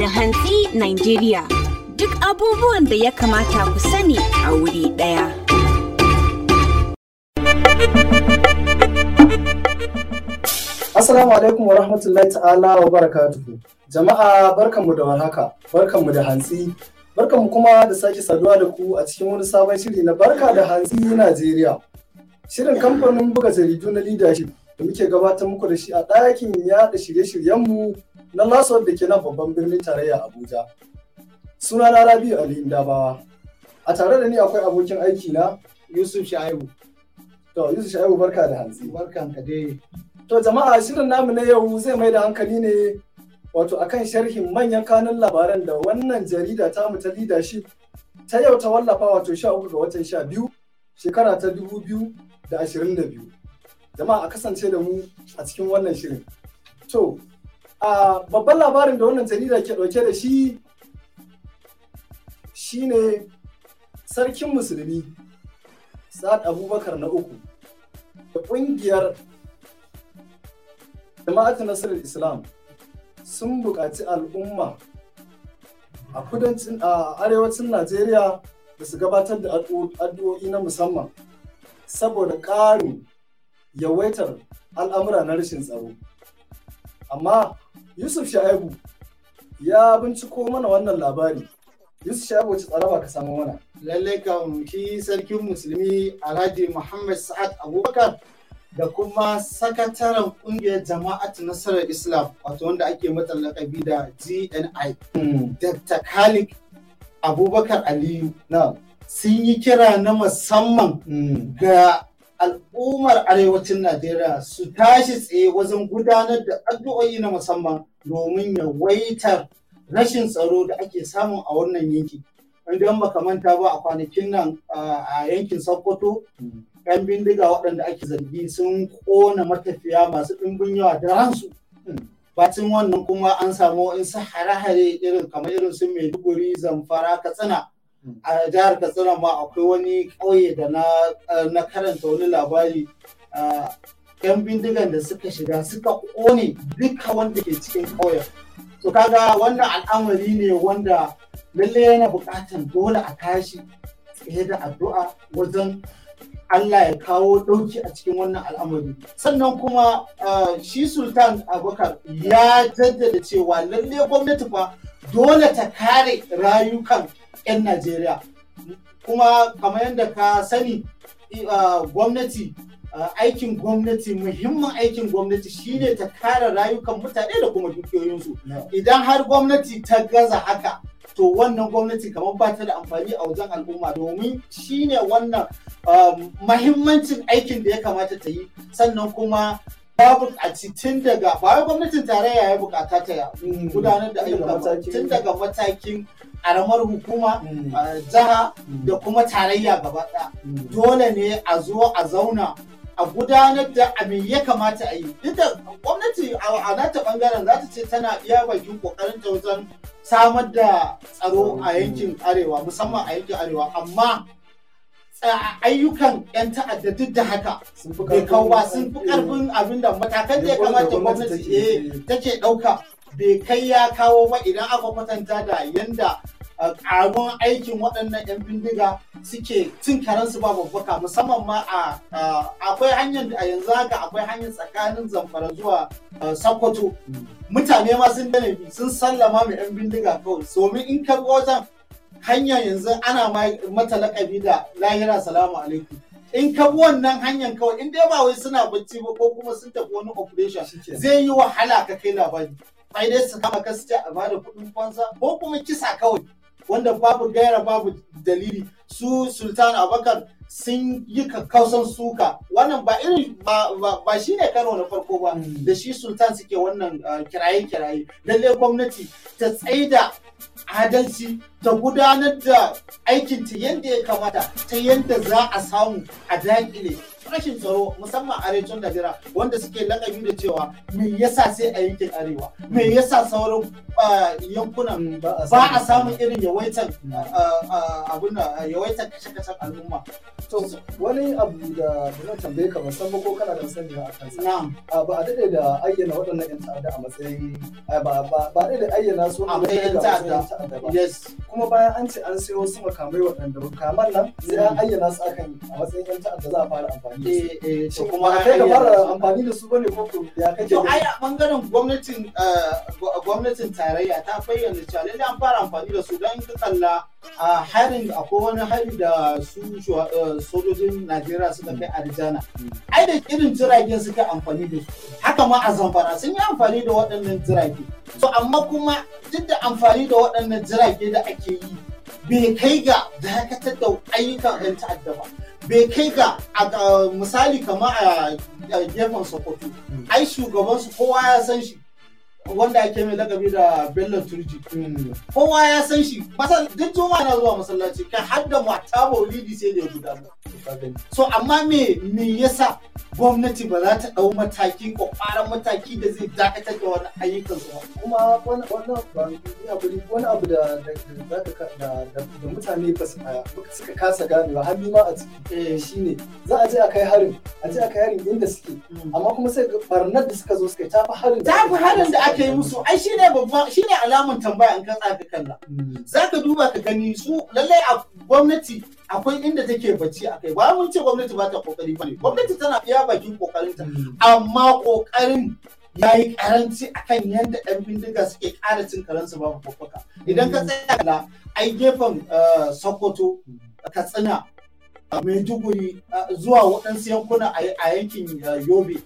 da hantsi Nigeria. Duk abubuwan da ya kamata ku sani a wuri ɗaya. Assalamu alaikum wa rahmatullahi ta'ala wa barakatuhu. Jama'a barkanmu da warhaka, barkanmu da hantsi, barkanmu kuma da sake saduwa da ku a cikin wani sabon shiri na barka da hantsi Najeriya. Shirin kamfanin buga jaridu na leadership da muke gabatar muku da shi a ɗakin yaɗa shirye-shiryenmu na last da ke nan babban birnin tarayya Abuja. Suna na Rabi'u Ali Dabawa. A tare da ni akwai abokin aiki na Yusuf Shaibu. To Yusuf Shaibu barka da hanzi, Barkan ka dai. To jama'a shirin namu na yau zai mai da hankali ne wato akan sharhin manyan kanun labaran da wannan jarida ta mu ta leadership ta yau ta wallafa wato 13 ga watan sha 12 shekara ta dubu da ashirin biyu. Jama'a a kasance da mu a cikin wannan shirin. To, babban labarin da wannan jarida ke ɗauke da shi shine sarkin musulmi sa'ad abubakar na uku da ƙungiyar jama'atu nasarar islam sun buƙaci al'umma a kudancin a arewacin najeriya da su gabatar da addu'o'i na musamman saboda ƙarin yawaitar al'amura na rashin tsaro amma Yusuf Sha'ibu ya binciko mana wannan labari. Yusuf Sha'ibu wace tsaraba ka samu mana? Lallai kam shi sarkin musulmi Alhaji Muhammad Sa'ad Abubakar da kuma sakataren kungiyar jama'at nasarar islam wato wanda ake mata lakabi da gni hmm. dr khalid abubakar aliyu na sun yi kira na musamman hmm. ga al'ummar arewacin Najeriya su tashi tsaye wajen gudanar da addu'o'i na musamman domin yawaitar rashin tsaro da ake samu a wannan yanki. Idan baka manta ba a kwanakin nan a yankin Sokoto, ‘yan bindiga waɗanda ake zargi sun ƙona matafiya masu ɗimbin yawa da ransu. Bacin wannan kuma an samu in su hare-hare irin kamar irin su Maiduguri, Zamfara, Katsina. a jihar katsina ma akwai wani ƙauye da na karanta wani labari yan bindigan da suka shiga suka ƙone duka wanda ke cikin ƙauyen to kaga wannan al'amari ne wanda lallai yana buƙatar dole a tashi tsaye da addu'a wajen Allah ya kawo ɗauki a cikin wannan al'amari sannan kuma shi sultan abubakar ya jaddada cewa lalle gwamnati fa dole ta kare rayukan 'yan Najeriya. Kuma kamar yadda ka sani ah, gwamnati ah, aikin gwamnati muhimmin aikin gwamnati shine ta kare rayukan mutane da kuma dukiyoyinsu. Idan har gwamnati ta gaza haka to wannan gwamnati kamar ba ta da amfani a wajen al'umma domin shine wannan ah, mahimmancin aikin da ya kamata ta yi sannan kuma babu a tun daga bayan gwamnatin tarayya ya bukata ta mm. gudanar da ayyuka tun daga matakin karamar hukuma mm. jiha mm. da kuma tarayya gaba dole ne a zo a zauna a gudanar da abin ya kamata a yi duk da gwamnati a nata bangaren za ta ce tana iya bakin kokarin ta wajen samar da tsaro a yankin arewa musamman a yankin arewa amma ayyukan 'yan ta'adda duk da haka bai kawo ba sun fi karfin abin da matakan da ya kamata gwamnati eh, take ɗauka bai kai ya kawo ba idan aka kwatanta da yanda ƙaruwan aikin waɗannan 'yan bindiga suke cin karensu ba babbaka musamman ma a akwai hanyar da a yanzu haka akwai hanyar tsakanin zamfara zuwa sokoto mm. mutane ma sun dane sun sallama mai 'yan bindiga kawai domin in ka wajen hanya yanzu ana mata laƙabi da lahira salamu alaikum in ka bi wannan hanyar kawai in dai ba wai suna bacci ba ko kuma sun tafi wani operation zai yi wahala ka kai labari ai dai su kama ka su a bada kuɗin kwansa ko kuma kisa kawai wanda babu gaira babu dalili su sultan abakar sun yi kakkausan suka wannan ba irin ba shi ne karo na farko ba hmm. da shi sultan suke wannan ah, kiraye-kiraye lallai gwamnati ta tsaida adalci ta gudanar da aikinta yadda ya kamata ta yadda za a samu a daƙile rashin tsaro musamman arewacin Najeriya wanda suke lakabi da cewa me yasa sai a yankin arewa me yasa sauran eh, yankunan ba a samu irin yawaitar eh, eh, abun yawaitar kashe-kashen al'umma. To wani abu da zan tambaye ka musamman ko kana da sani a kansa. Na'am. Ba a daɗe da ayyana waɗannan 'yan ta'adda a matsayin ba ba daɗe da ayyana su a matsayin 'yan ta'adda ba. Yes. Kuma bayan an ce an sayo su makamai waɗanda kamar nan sai an mm. ayyana su akan a matsayin 'yan ta'adda za a fara amfani Eh, kuma a kai fara amfani da su bane ko ya kake to ai a bangaren gwamnatin eh, gwamnatin tarayya ta bayyana cewa lalle an fara amfani da su don ka kalla a harin akwai wani hari da su eh, sojojin Najeriya suka kai Arizona mm. ai da irin jiragen suka amfani da su haka ma a Zamfara sun yi amfani da waɗannan jirage so amma kuma duk da amfani da waɗannan jirage da ake yi bai kai ga dakatar da ayyukan 'yan ta'adda ba bai kai ga misali kamar a gefen sokoto hmm. ai shugabansu kowa ya san shi wanda ake mai lakabi da bello turji kowa ya san shi masal duk juma'a na zuwa masallaci kan hadda mata maulidi sai da ya gudanar so amma me me yasa gwamnati ba za ta ɗau mataki ko fara mataki da zai dakatar da wani ayyukan su kuma wani abu wani abu da da mutane ba suka kasa ganewa har ma a ciki eh. shine za a je a kai harin a je a kai harin inda suke hmm. amma kuma sai barnar da suka zo suka tafi harin tafi harin da ake ka yi musu ai shine babba shine alamun tambaya in ka tsaka kalla zaka duba ka gani su lallai a gwamnati akwai inda take bacci a kai ba mun ce gwamnati ba ta kokari ba gwamnati tana iya bakin kokarinta hmm. amma kokarin ya yi karanci akan yadda ɗan bindiga suke ƙara cin karansu babu kwakwaka idan ka tsaya kalla ai gefen eh, sokoto hmm. katsina a Maiduguri zuwa waɗansu yankuna a yankin uh, Yobe.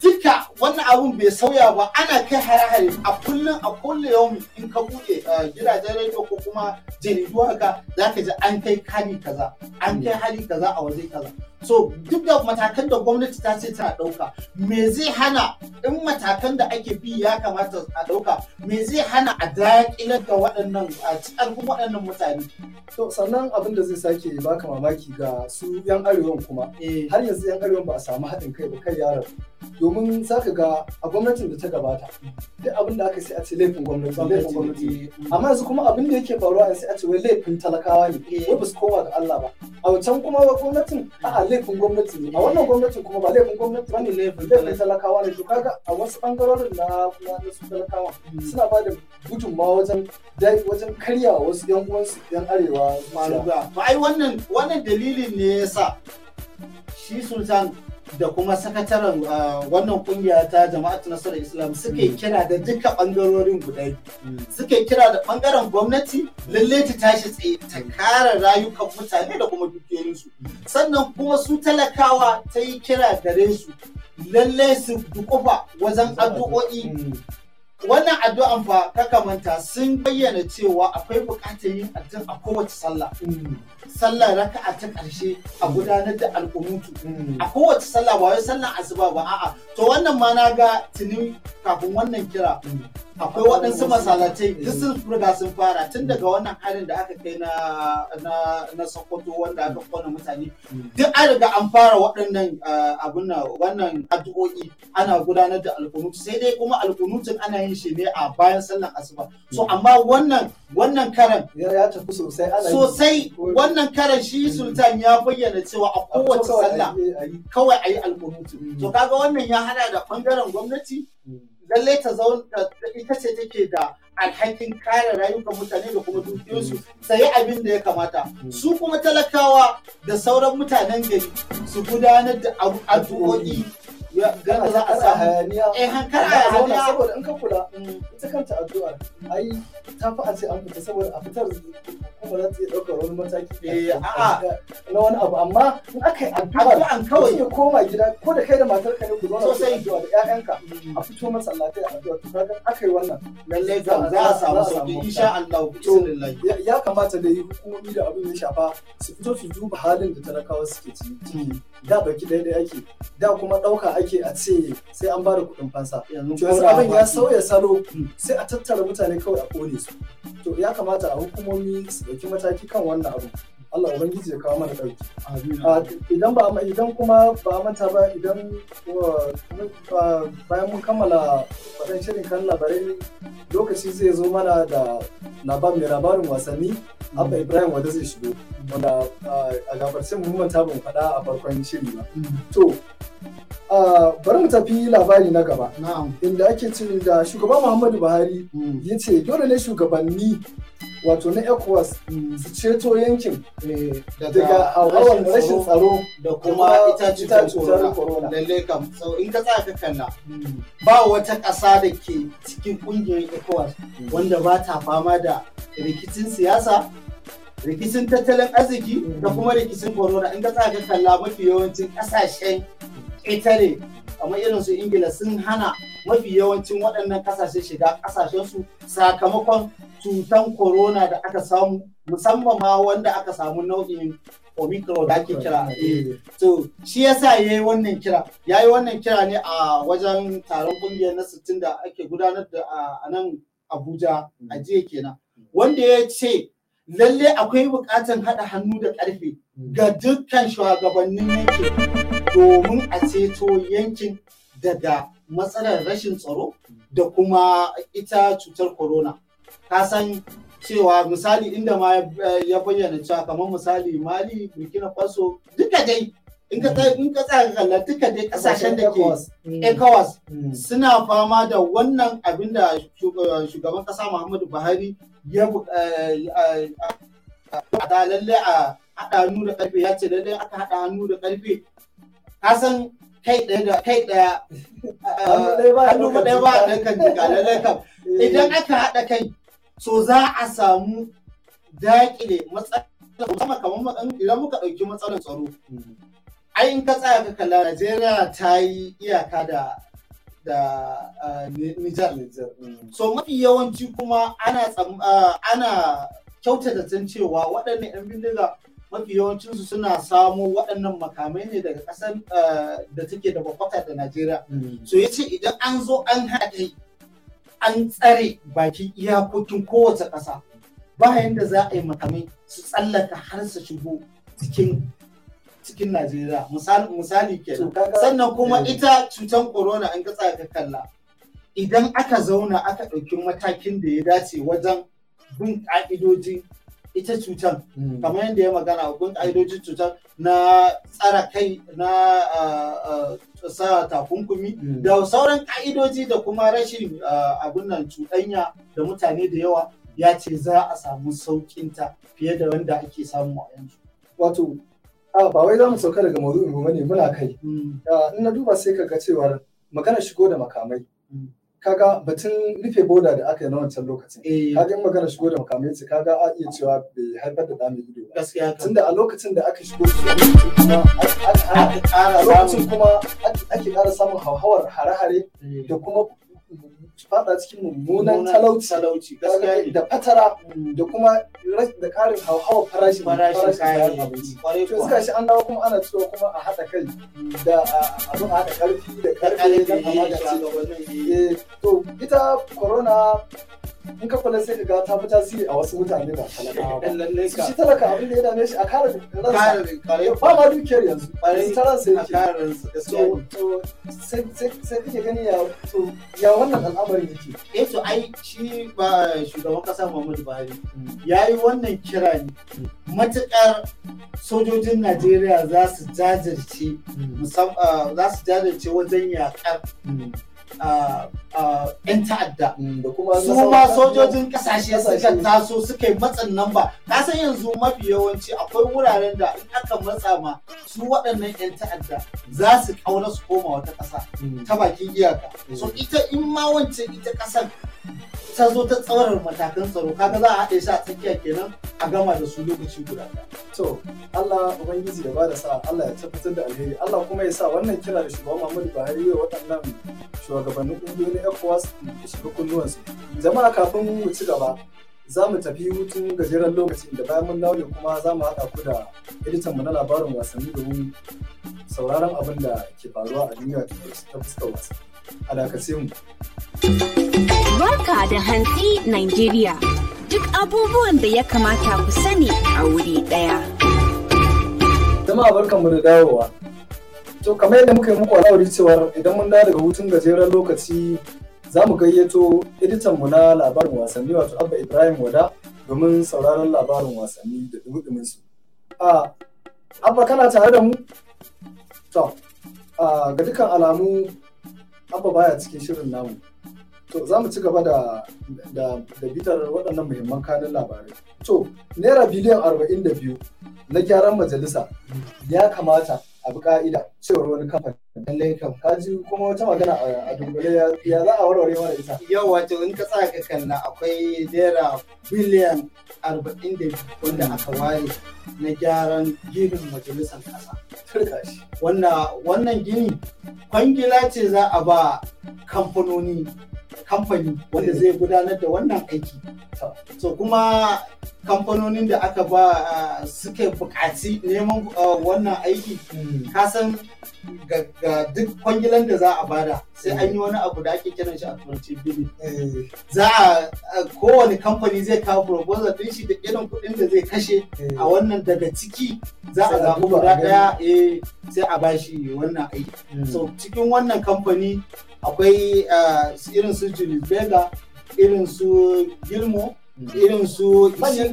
Duka wannan abun bai sauya ba ana kai hare-hare a kullum a kula yau in ka buɗe uh, gidajen rediyo ko kuma jaridu haka za ka ji an kai hali kaza an kai mm. hali kaza a waje kaza. so duk da matakan da gwamnati ta ce ta ɗauka me zai hana in matakan da ake bi ya kamata a ɗauka me zai hana a daƙilar da waɗannan a cikin waɗannan mutane to sannan abin da zai sake baka mamaki ga su yan arewan kuma eh. har yanzu yan arewan ba a samu haɗin kai ba kai yaran domin za ka ga a gwamnatin da ta gabata duk abin da aka sai a ce laifin gwamnati laifin gwamnati mm. amma yanzu kuma abin da yake faruwa sai a ce wai laifin talakawa ne eh. wai ba su koma ga Allah ba a wancan kuma gwamnatin a laifin gwamnati ne a wannan gwamnatin kuma ba laifin gwamnati bane laifin talakawa ne to kaga a wasu bangarorin na na su talakawa mm. suna ba da gudunmawa wajen wajen karya wasu yan uwansu yan arewa ma ai wannan wannan dalilin ne yasa shi sultan da kuma sakataren wannan kungiya ta jama'atu nasarar islam suke kira da duka bangarorin guda suke kira da bangaren gwamnati lalle ta tashi tsaye ta kare rayukan mutane da kuma dukiyoyinsu sannan kuma su talakawa ta yi kira gare su lalle su dukufa wajen addu'o'i wannan addu'an fa ka manta sun bayyana cewa akwai buƙatar yin addu'a a kowace sallah mm. sallah raka'a ta ƙarshe a mm. gudanar da al'umutu mm. a kowace sallah ba wai sallah asuba ba a'a to wannan ma na ga tuni kafin wannan kira akwai waɗansu masalatai duk sun riga sun fara tun daga wannan harin da aka kai na sokoto wanda aka kona mutane duk an riga an fara waɗannan ah, abin wannan addu'o'i ana gudanar da alkunutu sai dai kuma alkunutun ana yin shi ne a bayan sallan asuba so amma wannan wannan karan ya tafi sosai ana sosai wannan karan shi sultan ya bayyana cewa a kowace sallah kawai a yi alkunutu mm. to kaga wannan ya hada da bangaren gwamnati mm. lallai ta zauna ita ce take da alhakin kare rayukan mutane da kuma dukiyarsu sai abin da ya kamata su kuma talakawa da sauran mutanen gari su gudanar da addu'o'i gana za a sa hayaniya eh hankali a zauna saboda in ka kula mm, ita kanta addu'ar ai ta fi a ce an fita saboda a fitar kuma za ta iya daukar wani mataki eh a'a na wani abu amma in aka yi addu'a an kawai ya koma gida ko da kai da matar ka ne ku zauna sosai addu'a da ƴaƴanka a fito masallatai a addu'a to kaga aka yi wannan lalle ga za a samu sauki insha Allah ya kamata da yi hukumomi da abin ya shafa su fito su duba halin da talakawa suke ciki hmm. da baki ɗaya da ake da kuma ɗauka ake a ce sai an ba da kuɗin fansa to yanzu abin ya sauya salo hmm. sai a tattara mutane kawai a kore su to ya kamata a hukumomi su ɗauki mataki kan wannan abu Allah ubangiji ya kawo mana dauki ah, idan ba idan kuma ba manta ba idan uh, uh, bayan mun kammala faɗan shirin kan labarai lokaci zai zo mana da labar mai labarin wasanni abba mm. ibrahim wanda zai shigo wanda uh, a gabarce mun manta ban faɗa a farkon shiri ba mm. to bari mu tafi labari na gaba inda ake cin da shugaba muhammadu buhari mm. ya ce dole ne shugabanni wato na ecowas mm, su ceto yankin eh, daga hawan rashin tsaro da kuma ita cutar corona lalle kam in ka tsaka kalla mm. ba wata ƙasa da ke cikin ƙungiyar ecowas mm. wanda ba ta fama da rikicin siyasa rikicin tattalin arziki da kuma rikicin corona in ka tsaka ka kalla mafi yawancin ƙasashen italy kamar irin su ingila sun hana mafi yawancin waɗannan kasashen shiga kasashen su sakamakon cutan corona da aka samu musamman ma wanda aka samu nau'in omicron da ake kira eh. so shi yasa ya yi wannan kira ya yi wannan kira ne a wajen taron kungiyar na 60 da ake gudanar da a nan abuja a jiya kenan wanda ya ce lalle akwai bukatan haɗa hannu da ƙarfe ga dukkan shugabannin yankin domin a ceto yankin daga matsalar rashin tsaro da kuma ita cutar corona. ka san cewa misali inda ma eh, ya bayyana cewa kamar misali mali burkina faso duka dai in ka in ka tsaya kalla duka dai kasashen da ke ECOWAS mm. Mm. suna fama da wannan abin da eh, shugaban kasa Muhammadu Buhari ya eh, a lalle a haɗa hannu da ƙarfe ya ce lalle aka haɗa hannu da ƙarfe ka san kai ɗaya da kai ɗaya hannu ba ɗaya ba ɗan kan jika lalle kam idan aka haɗa kai so za a samu daƙile matsalar kamar idan muka ɗauki matsalar tsaro ai in ka tsaya ka kalla Najeriya ta yi iyaka da da Nijar. So mafi yawanci kuma ana ana kyautata can cewa waɗannan 'yan bindiga mafi yawancinsu suna samo waɗannan makamai ne daga ƙasar da take da bakwata da Najeriya. Mm. So ya ce idan an zo an haɗe an tsare bakin iyakokin kowace ƙasa bayan da za a yi makamai su tsallaka har su shigo cikin cikin Najeriya misali misali sannan kuma eh. ita cutar corona an gatsa tsaka kalla idan aka zauna aka ɗauki matakin da ya dace wajen bin ƙa'idojin ita cutar hmm. kamar yadda ya magana akwai ƙa'idojin cutar na tsara kai na sa takunkumi hmm. da sauran ƙa'idoji da kuma rashin abin nan cuɗanya da mutane da yawa ya ce za a samu ta fiye da wanda ake samu a yanzu. Wato, ba wai za mu sauka daga maudu'in ba ne muna kai. Hmm. In na duba sai ka ga cewar magana shigo da makamai. kaga batun rufe boda da aka yi na wancan lokacin eh. kaga in magana shigo da makamai ce kaga a iya cewa bai haifar da dami ido ba tunda a lokacin da aka shigo kuma a lokacin kuma ake kara samun hauhawar hare-hare eh. da kuma Faɗa cikin mummunan talauci da fatara da kuma da karin hauhawa farashi farashin kayan abinci to suka shi an dawo kuma ana cewa kuma a haɗa kai da abin a haɗa karfi da karfi da kamar da eh, to ita corona in ka kula sai ka ga ta fi tasiri a wasu mutane ba talakawa ba shi talaka abin da ya dame shi a kare ransa ba ma dukiyar yanzu ta ransa yake to sai kake gani ya to ya wannan al'amarin yake eh to ai shi ba shugaban kasa Muhammadu Buhari mm. yayi wannan kira ne matukar sojojin Najeriya za su jajirce mm. musamman ah, za su jajirce wajen yakar mm. 'yan ta'adda mm, da kuma su ma sojojin kasashe suka taso suka yi matsin nan ba ka san yanzu mafi yawanci akwai wuraren da in aka matsa ma su waɗannan 'yan ta'adda za su kauna su koma wata ƙasa ta bakin iyaka so mm. ita in ma wancan ita ƙasar ta zo ta tsawarar matakan tsaro kaga za a haɗe shi a tsakiya kenan a gama da su lokaci guda to Allah ubangiji da bada sa Allah ya tabbatar da alheri Allah kuma ya sa wannan kira da shugaban Muhammadu Buhari ya waɗannan shugabannin ƙungiyoyin ECOWAS da shiga kunnuwansu jama'a kafin mu ci gaba za mu tafi hutun gajeren lokaci, da bayan mun dawo kuma za mu haɗa ku da editan mu na labarin wasanni domin sauraron abin da ke faruwa a duniya ta fuskar wasanni a dakace mu. Barka da hantsi Nigeria. Duk abubuwan da ya kamata ku sani a wuri ɗaya. Jama'a barkanmu da dawowa. To kamar yadda muka yi muku alawari cewar idan mun dawo daga hutun gajeren lokaci za mu gayyato editanmu na labarin wasanni wato Abba Ibrahim Wada domin sauraron labarin wasanni da dumi su. Abba kana tare da mu? To, ga dukkan alamu abba baya cikin shirin namu to za mu ci gaba da bitar waɗannan muhimman kanin labarai to naira biliyan 42 na gyaran majalisa ya kamata abu ka'ida cewar wani kamfani lallai Ka kaji kuma wata magana a dunkule ya za a warware mana ita yau wato in ka tsaka kalla akwai naira biliyan arba'in da wanda aka ware na gyaran ginin majalisar kasa wannan gini kwangila ce za a ba kamfanoni kamfani wanda zai gudanar da wannan aiki so kuma kamfanonin da aka ba ah, suke bukaci neman ah, wannan aiki mm. kasan ga duk kwangilan da za a bada sai an yi mm. wani abu da ake kiran shi a turanci bili eh. za a kowane kamfani zai kawo proposal din shi da irin kuɗin da zai kashe a eh. wannan daga ciki za a zaɓi guda ɗaya sai a bashi eh, wannan aiki mm. so cikin wannan kamfani akwai ah, irin su Julibega irin su Gilmo irin su manyan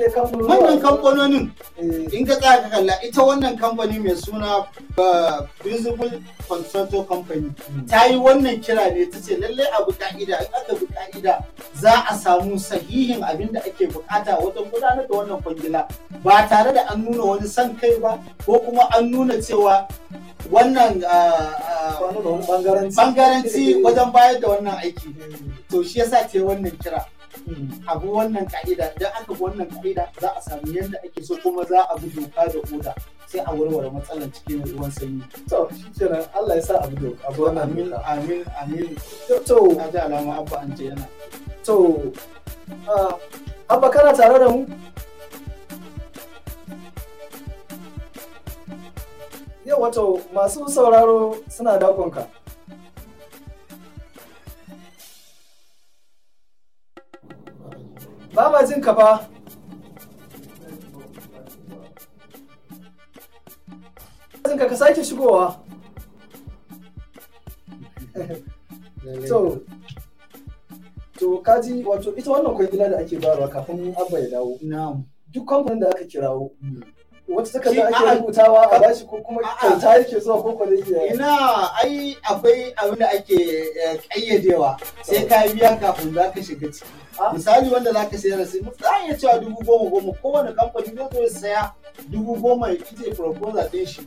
kamfanonin eh. in ka tsaya ka kalla ita wannan kamfani mai suna ah, principal consultant company hmm. ta yi wannan kira ne ta ce lallai a buƙa'ida in aka buƙa'ida za a samu sahihin abin da ake buƙata wajen gudanar da wannan kwangila ba tare da an nuna wani son kai ba ko kuma an nuna cewa wannan ah, bangaranci wajen bayar da wannan aiki to shi yasa ce wannan kira abu wannan ka'ida idan aka bi wannan ka'ida za a samu yadda ake so kuma za a bi doka da oda sai a warware matsalar cikin ruwan sanyi to shi nan Allah ya sa abu doka abu amin amin amin to na ji alama abba an ce yana to ah, abba kana tare da mu Yau wato masu sauraro suna dakonka. Ba ma jin ka fa. ka sake shigowa. to kaji wato ita wannan kwangila da ake bayarwa kafin abba ya dawo. Duk kamfanin da aka kirawo hmm. wata takarda ake rubutawa a bashi ko kuma kyauta yake zuwa ko kwale ke ina ai akwai abin da ake kayyadewa eh, sai ka yi biya kafin za ka shiga ciki misali wanda za ka sayar sai za a iya cewa dubu goma goma kowane kamfani zai zo ya saya dubu goma ya ije proposal ɗin shi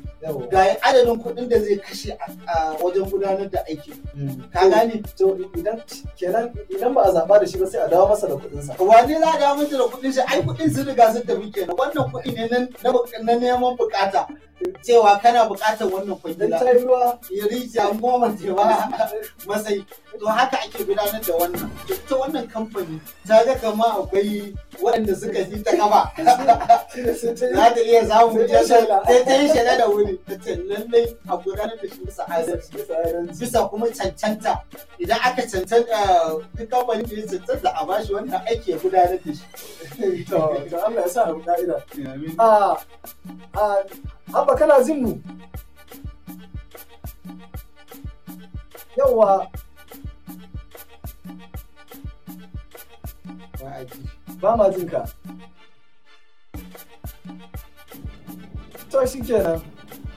ga adadin kuɗin da zai kashe a wajen gudanar da aiki ka hmm. gane to idan kenan idan ba a zaɓa da shi ba sai a dawo masa da kuɗinsa wane za a dawo masa da kuɗin shi ai kuɗin sun riga sun tafi kenan wannan kuɗi ne nan na na neman bukata cewa kana bukatar wannan kwangila ya rijiya goma ce masai to haka ake gudanar da wannan ta wannan kamfani ta ga kama akwai waɗanda suka yi ta kafa za ta iya samun jasa ta yi shaida da wuri ta ce lallai a gudanar da shi bisa adalci bisa kuma cancanta idan aka cancanta duk eh, kamfanin da ya cancanta a bashi wannan aiki ya gudanar da shi to Allah ya sa mu ka'ida ah, abba kana jin mu ba ma jin ka to shi kenan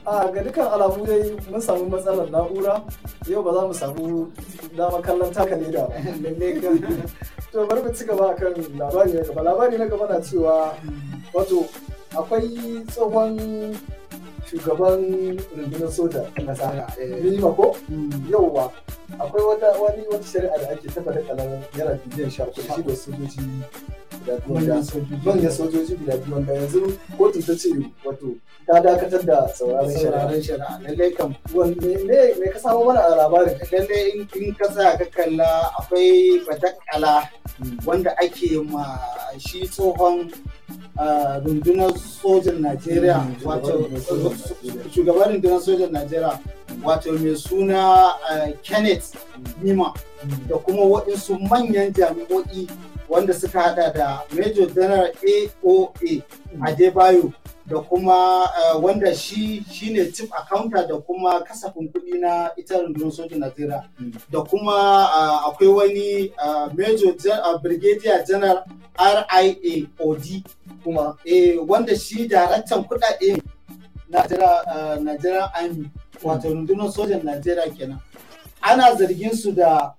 a ga dukkan alamu dai mun samu matsalar na'ura yau ba za mu samu dama kallon taka leda to bari mu ci gaba kan labari na gaba labari na gaba na cewa wato akwai tsohon shugaban rundunar soja na ƙasa eh. minima ko hmm. yauwa akwai wata wani wata shari'a da ake da kalan yana biliyan sha shi da sojoji guda biyu wanda manyan sojoji guda biyu wanda yanzu kotu ta ce wato ta dakatar da sauraron shari'a lallai kam ne me ka samu mana labarin lallai in ka sa ka kalla akwai fatakala hmm. wanda ake ma shi tsohon rundunar sojan Najeriya wato shugaban rundunar sojan Najeriya wato mai suna Kenneth Nima da kuma waɗansu manyan jami'o'i wanda suka hada da Major General AOA Adebayo da kuma eh, wanda shi shi ne tip accountant da kuma kasafin kuɗi na ita rundunar sojin Najeriya da kuma eh, akwai wani eh, major brigadier general RIA OD kuma wanda shi daraktan kuɗaɗe Najeriya Army wato rundunar sojan Najeriya kenan ana zargin su da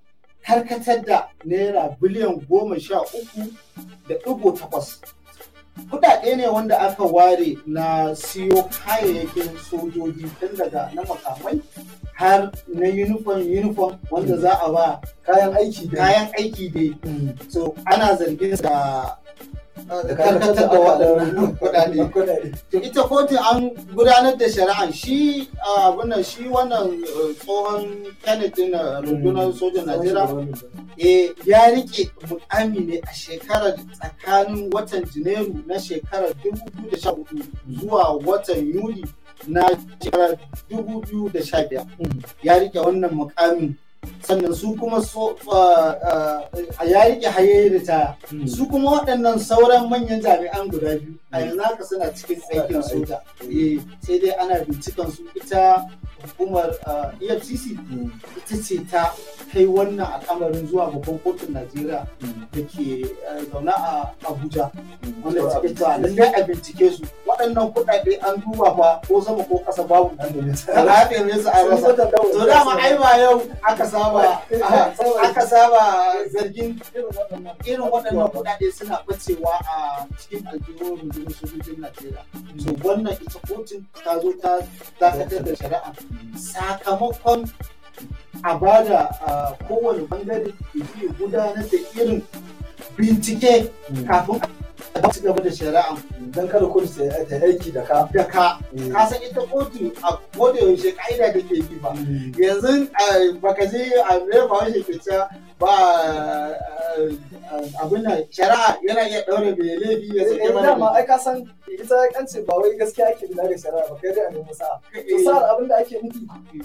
karkatar da naira biliyan goma sha uku da ɗigo takwas Kudade ne wanda aka ware na siyo kayayyakin sojoji tun daga na makamai har na uniform uniform wanda za a ba kayan aiki kayan aiki dai mm. so ana zargin da Ah, ita kotun an gudanar da shari'an shi ah, abunan shi wannan eh, tsohon kened na eh, rundunar sojan mm. najira eh, ya rike mukami ne a shekarar tsakanin watan Janairu na shekarar 2014 zuwa watan Yuli na shekarar 2015 mm. ya rike wannan mukamin sannan su kuma so a yayi rike haye hmm. su kuma waɗannan sauran manyan jami'an guda biyu a hmm. yanzu haka suna cikin aikin soja eh, sai dai ana bincikan su ita hukumar efcc hmm. ita ce ta kai wannan al'amarin zuwa babban kotun najeriya da ke zauna a abuja wanda ta lallai a bincike su waɗannan kuɗaɗe an duba fa ko sama ko ƙasa babu nan da nisa su rasa to dama ai ba yau aka saba aka saba zargin irin waɗannan kuɗaɗe suna bacewa a cikin aljihun rundunar sojojin Najeriya to wannan ita kotun ta zo ta dakatar da shari'a sakamakon a bada kowane bangare da ke gudanar da irin bincike hmm. kafin ka ci gaba da shari'a don kada kotu ta aiki da ka da ka mm. ka san ita kotu a koda yaushe ka'ida da ke bi ba mm. yanzu eh, baka je a ne ba shi ke ta ba eh, abin da shari'a yana iya daure mai laifi ya sake eh, mana ma ai ka san ita kance ba wai gaskiya ake bila da shari'a ba kai dai a nemi sa'a sa'a abin da ake nufi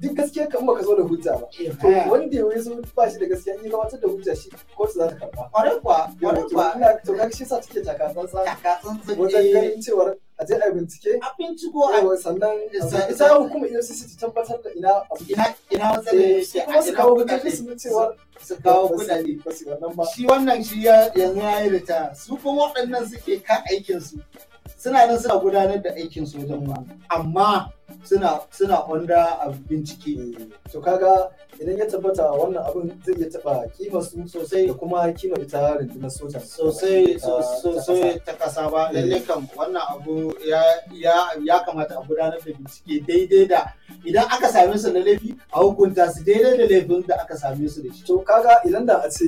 duk gaskiya kan baka zo da hujja ba eh, to wanda ya zo ba shi da gaskiya in gabatar da hujja shi ko su za ta karba kwarai kuwa kwarai kuwa ina to kaga shi sa take takatsan sa takatsan sa wajen eh. ganin cewa a je a bincike a binciko a sannan ita hukuma su e ta tabbatar da ina ina ina matsalar eh, shi kuma su kawo hujjoji su cewar su kawo kudade ba ba shi wannan shi yanzu ya yi ta su kuma waɗannan suke ka aikin su suna nan suna gudanar da aikin sojan ba amma suna suna a bincike to kaga idan ya tabbata wannan abin zai iya taba kima su sosai da kuma kima ta rundunar sojan sosai sosai ta kasa ba eh. lalle kam wannan abu ya kamata a gudanar da bincike daidai da idan aka same su da laifi a hukunta su daidai da laifin da aka same su da shi to kaga idan da a ce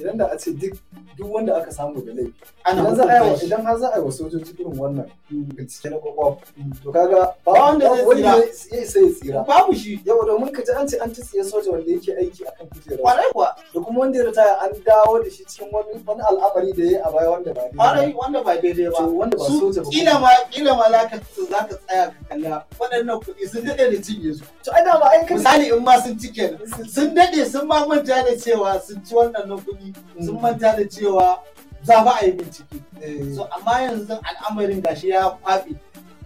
idan da a ce duk duk wanda aka samu da laifi idan za a yi idan har za a yi wa sojoji irin wannan hmm. bincike na kwakwa to kaga ba wanda zai tsira ya sai ya tsira babu shi yau domin ka ji an ce an ci tsaye soja wanda yake aiki akan kujera kwarai kuwa da kuma wanda ya ritaya an dawo da shi cikin wani wani al'amari da ya yi a baya wanda ba daidai kwarai wanda ba daidai ba wanda ba soja ba kila ma kila ma za ka tsaya ka kalla waɗannan kuɗi sun daɗe da cinye su to ai dama ai misali in ma sun ci kenan sun daɗe sun ma manta da cewa sun ci waɗannan kuɗi sun manta da cewa za ba a yi bincike eh. so amma yanzu al'amarin gashi ya kwaɓe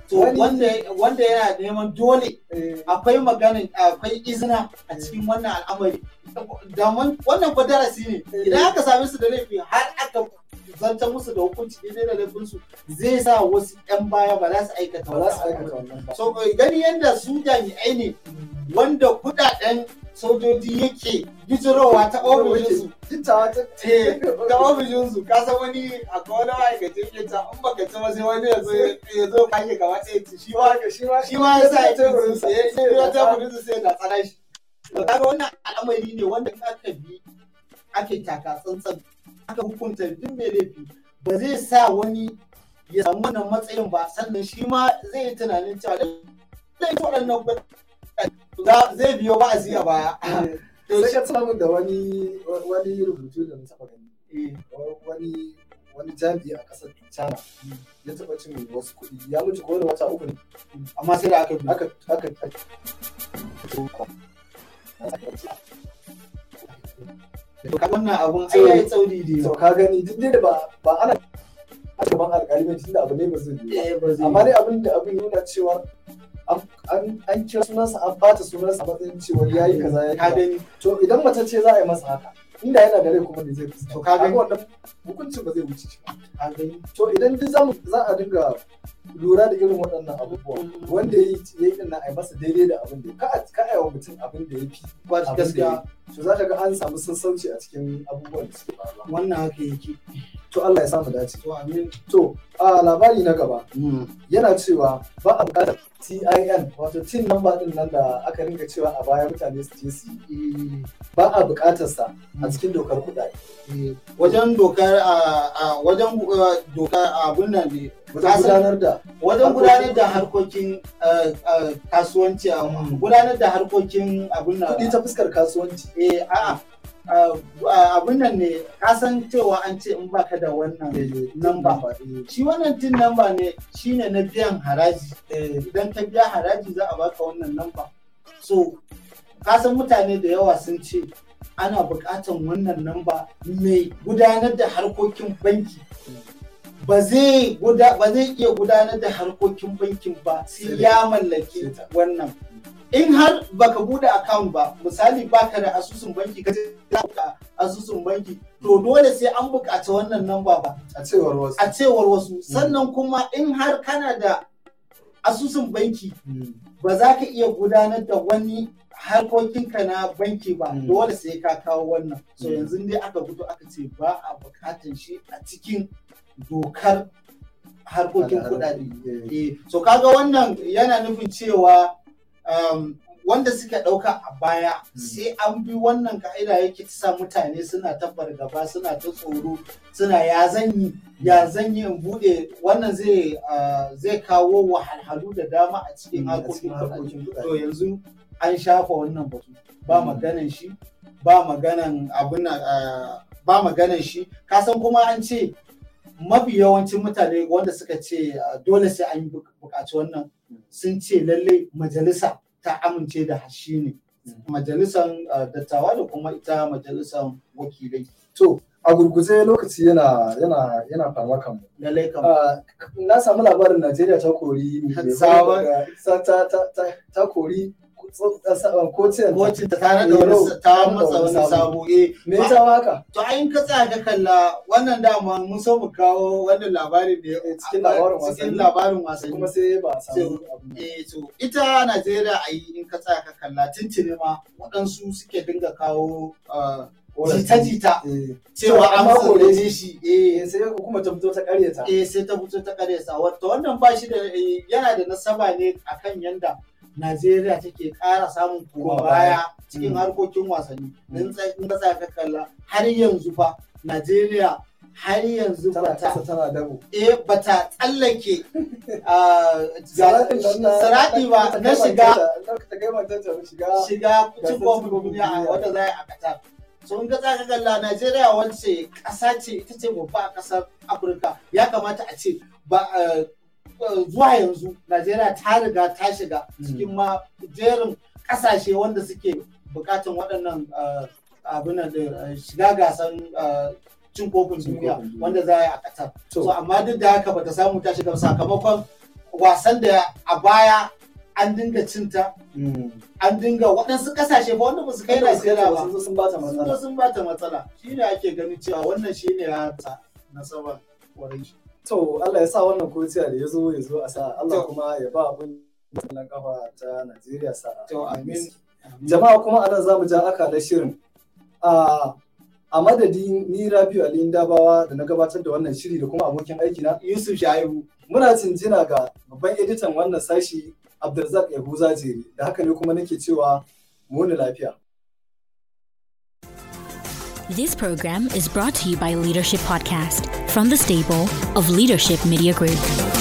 to wanda yana neman dole eh. akwai maganin akwai izina a eh. cikin wannan al'amari wannan ko darasi ne idan aka sami su da laifi har aka zanta musu da hukunci ne da su. zai sa wasu 'yan baya ba za su aikata wannan so gani yadda su jami'ai ne hmm. wanda kudaden sojoji yake bijirowa ta ofishinsu ta eh, ofishinsu ka san wani a kowane ma'aikacin ke ta in baka ci ba sai wani ya zo kashe ka wata ya ci shi ma shi ma ya sa ya teburin sa ya ci ya teburin sa sai na tsara shi to kaga wannan al'amari ne wanda ka bi ake taka tsantsan aka hukunta duk mai laifi ba zai sa wani ya samu wannan matsayin ba sannan shi ma zai yi tunanin cewa da ita waɗannan zai biyo ba'azi a baya sai ka samun da wani wani rubutu da na taɓa gani eh. wani wani jami'i a ƙasar China ya taɓa cin wasu kuɗi ya mutu ko da wata uku ne amma sai da aka aka aka wannan abun ai yayi tsauri ka gani duk da ba ba ana a gaban alƙalibai tunda abu ne ba zai eh, amma dai abin da abin cewa an kira sunansa an bata sunansa matsayin cewa ya yi kaza ya ni. to idan mace ce za a yi masa haka inda yana da rai kuma da zai fuskanta to gani wannan hukuncin ba zai wuce ci. to idan duk za a dinga lura da irin waɗannan abubuwa mm. wanda ya yi din nan a yi masa daidai da abin da ka ka yi wa mutum abin da ya fi ba shi gaskiya to za ka ga an samu sassauci a cikin abubuwan da suke faruwa wannan haka yake to Allah ya samu dace to amin to a labari na gaba mm. yana cewa ba a buƙatar TIN wato tin number din nan da aka ringa cewa a baya mutane su je su ba a bukatar sa a hmm. cikin dokar kudade eh, wajen dokar a wajen eh, dokar abun nan ne gudanar da wajen gudanar da harkokin eh, kasuwanci a hmm. gudanar da harkokin abun nan kudi ta fuskar kasuwanci eh a'a Ah, ah, abin nan ne kasan cewa an ce in baka da wannan eh, namba mm-hmm. shi wannan tin namba ne shine na biyan haraji eh, idan ka biya haraji za a baka wannan namba so kasan mutane da yawa sun ce ana buƙatan wannan namba mai gudanar da harkokin banki ba zai iya gudanar da harkokin bankin ba sai ya mallake wannan in har baka bude account ba misali baka da asusun banki ka ka asusun banki to dole sai an bukaci wannan namba ba a cewar wasu a cewar wasu hmm. sannan kuma in har kana da asusun banki hmm. ba za ka iya gudanar da wani harkokinka na banki ba hmm. dole sai ka kawo wannan so yanzu dai aka gudu aka ce ba a bukatan shi a cikin dokar harkokin kuɗaɗe eh, so kaga wannan yana nufin cewa Um, wanda suka ɗauka a baya hmm. sai an bi wannan ka'ida yake sa mutane suna ta gaba, suna ta tsoro suna ya zanyi ya hmm. zanyi in bude wannan zai uh, zai kawo wahalhalu da dama a cikin hmm, harkokin to yanzu an shafa wannan batu ba maganan shi ba maganan abin uh, ba maganan shi kasan kuma an ce mafi yawancin mutane wanda suka ce ah, dole sai an yi buƙaci wannan sun ce lalle majalisa ta amince da shi ne majalisan ah, dattawa da kuma ita majalisan wakilai to a gurguze lokaci yana yana yana kan mu ah, na samu labarin Najeriya ta kori ta kori kocin ta tare da wani ta matsa wani sabo eh, Me ya yasa haka to ayin katsa tsaya ka kalla wannan dama mun so mu kawo wannan labarin da eh, cikin labarin wasanni cikin labarin wasanni kuma sai ba samu eh to ita Najeriya ayi in ka tsaya ka kalla tuntune ma waɗansu suke dinga kawo ah, jita-jita eh. cewa an kore shi eh sai kuma ta fito ta karyata eh sai ta fito ta karyata wato wannan ba shi da yana da nasaba ne akan yanda Najeriya take ƙara samun koma baya cikin mm. harkokin wasanni. Mm. in ka sa ka kalla har yanzu fa Najeriya har yanzu eh, ah, ba ta eh ba ta tsallake saradi ba na shiga shiga cikin kofin duniya a wata zai a Qatar. So in ka za ka kalla Najeriya wacce ƙasa ce ita ce babba a ƙasar Afirka ya kamata a ce ba ah, zuwa yanzu najeriya ta riga ta shiga hmm. cikin ma jerin kasashe wanda suke bukatan waɗannan uh, abin da uh, shiga gasan uh, cin kofin duniya wanda za a yi a Qatar. So amma duk da haka bata samu ta shiga sakamakon wasan da a baya an dinga cinta hmm. an dinga waɗansu ƙasashe ba wanda ba su kai Najeriya ba sun bata matsala sun ne matsala shine ake ganin cewa wannan shine ya ta nasabar warin to Allah ya sa wannan kociya da ya zo ya zo a sa Allah kuma ya ba abin tsallan kafa ta Najeriya sa to amin jama'a kuma anan zamu ja aka da shirin a a madadin ni Rabiu Ali Dabawa da na gabatar da wannan shiri da kuma abokin aiki na Yusuf Shaibu muna cinjina ga babban editan wannan sashi Abdulrazak Yahuza Jere da haka ne kuma nake cewa mu muni lafiya This program is brought to you by Leadership Podcast. from the stable of Leadership Media Group.